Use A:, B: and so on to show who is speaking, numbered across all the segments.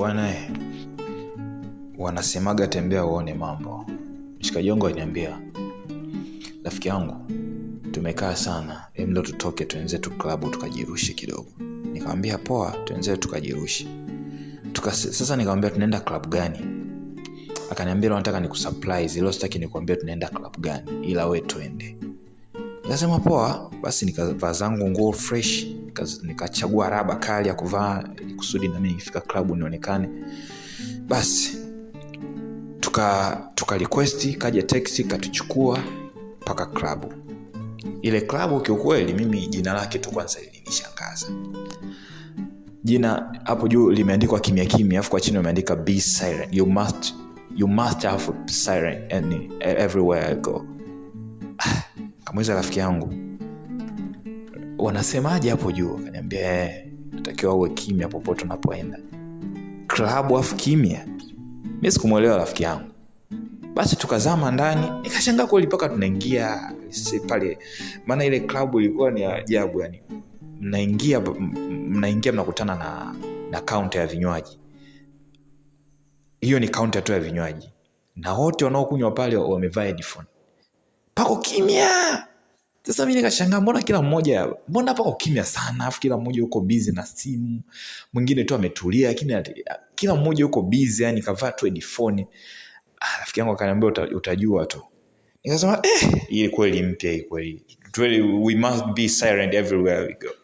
A: bwana, eh, wanasemaga tembea uone mambo. Mshikaji wangu aliniambia, rafiki yangu, tumekaa sana, hebu ndo tutoke tuenze tu klabu tukajirushe kidogo. Nikamwambia poa, tuenze tukajirushe Tuka, sasa nikamwambia tunaenda klabu gani? Akaniambia nataka nikusurprise, leo sitaki nikwambia tunaenda klabu gani, ila we twende. Nikasema poa, basi nikavaa zangu nguo fresh nikachagua nika raba kali ya kuvaa kusudi nami nikifika klabu nionekane basi tuka tuka request kaja teksi katuchukua mpaka klabu ile klabu kiukweli mimi jina lake tu kwanza lilinishangaza jina hapo juu limeandikwa kimya kimya alafu kwa chini wameandika b you must you must have siren everywhere I go kamweza rafiki yangu wanasemaje hapo juu? Akaniambia eh, natakiwa uwe kimya popote unapoenda. Klabu afu kimya? mi sikumwelewa rafiki yangu. Basi tukazama ndani, nikashanga kweli mpaka tunaingia pale, maana ile klabu ilikuwa ni ajabu yani. Mnaingia mnaingia mnakutana na na kaunta ya vinywaji. Hiyo ni kaunta tu ya vinywaji, na wote wanaokunywa pale wamevaa Pako kimya, sasa mi nikashangaa, mbona kila mmoja, mbona hapa ukimya sana, afu kila mmoja yuko bizi na simu, mwingine tu ametulia, lakini kila mmoja yuko bizi yani kavaa tu edifoni ah, rafiki yangu akaniambia uta, utajua tu. Nikasema eh, ili kweli mpya hii kweli. Really, we must be silent everywhere we go.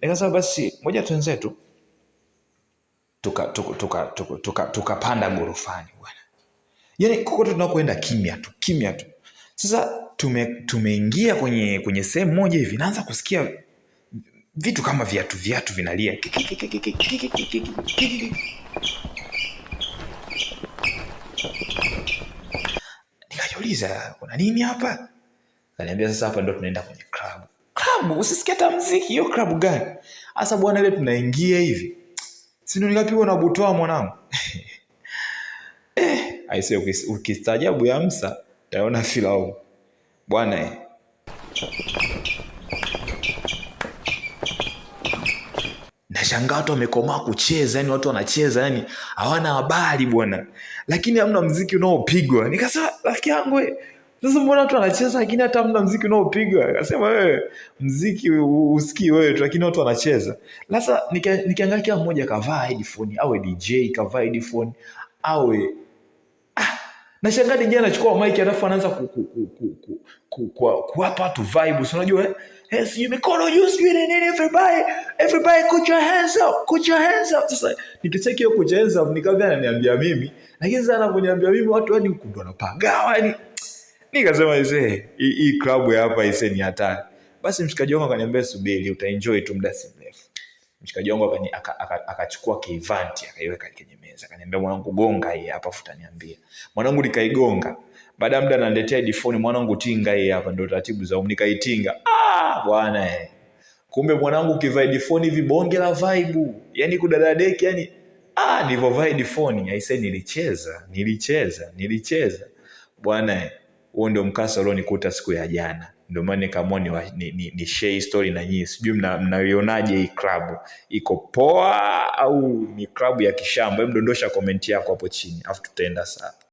A: Nikasema basi moja twenzetu tukapanda tuka, tuka, tuka, tuka, tuka gorofani bwana, yani kokote tunakoenda kimya tu kimya tu sasa tume, tumeingia kwenye kwenye sehemu moja hivi, naanza kusikia vitu kama viatu viatu vinalia, nikajiuliza kuna nini hapa? Kaniambia sasa, hapa ndo tunaenda kwenye club. Club usisikia hata muziki, hiyo club gani hasa bwana? Ile tunaingia hivi, si ndo nikapigwa na butoa mwanangu eh, aise ukistajabu ya msa utaona filamu. Bwana nashangaa watu wamekomaa kucheza, yani watu wanacheza, yani hawana habari bwana, lakini hamna mziki unaopigwa. Nikasema rafiki yangu sasa mbona watu wanacheza lakini hata hamna mziki unaopigwa? Akasema wewe eh, mziki usikii wewe tu, lakini watu wanacheza. Sasa nikiangalia kila mmoja kavaa headphone, awe DJ kavaa headphone, awe Nashangaa kijana anachukua mic alafu anaanza kuwapa watu vibe. unajua eh? Eh, sijui mikono juu sijui ni nini everybody. Everybody put your hands up. Put your hands up. Sasa nikicheki hiyo put your hands up nikamwambia ananiambia mimi. Lakini sasa anavyoniambia mimi watu yani huku ndo wanapagawa yani. Nikasema ise hii club ya hapa ise ni hatari. Basi mshikaji wangu akaniambia subiri utaenjoy tu muda si mrefu mshikaji wangu akachukua kivanti akaiweka kwenye meza, akaniambia mwanangu, gonga hii hapa, afu utaniambia. Mwanangu nikaigonga, baada muda ananiletea difoni, mwanangu, tinga hii hapa, ndio taratibu za umu. Nikaitinga ah, bwana eh. Kumbe mwanangu, ukivaa difoni hivi, bonge la vibe, yani kudadadeki, yani ah, nilivyovaa difoni yaani, aisee, nilicheza nilicheza nilicheza bwana eh huo ndio mkasa ulionikuta siku ya jana, ndio maana nikaamua ni, ni, ni, share story na nyinyi. Sijui mnaionaje mna hii klabu iko poa au ni klabu ya kishamba? Hebu dondosha komenti yako hapo chini, afu tutaenda sawa.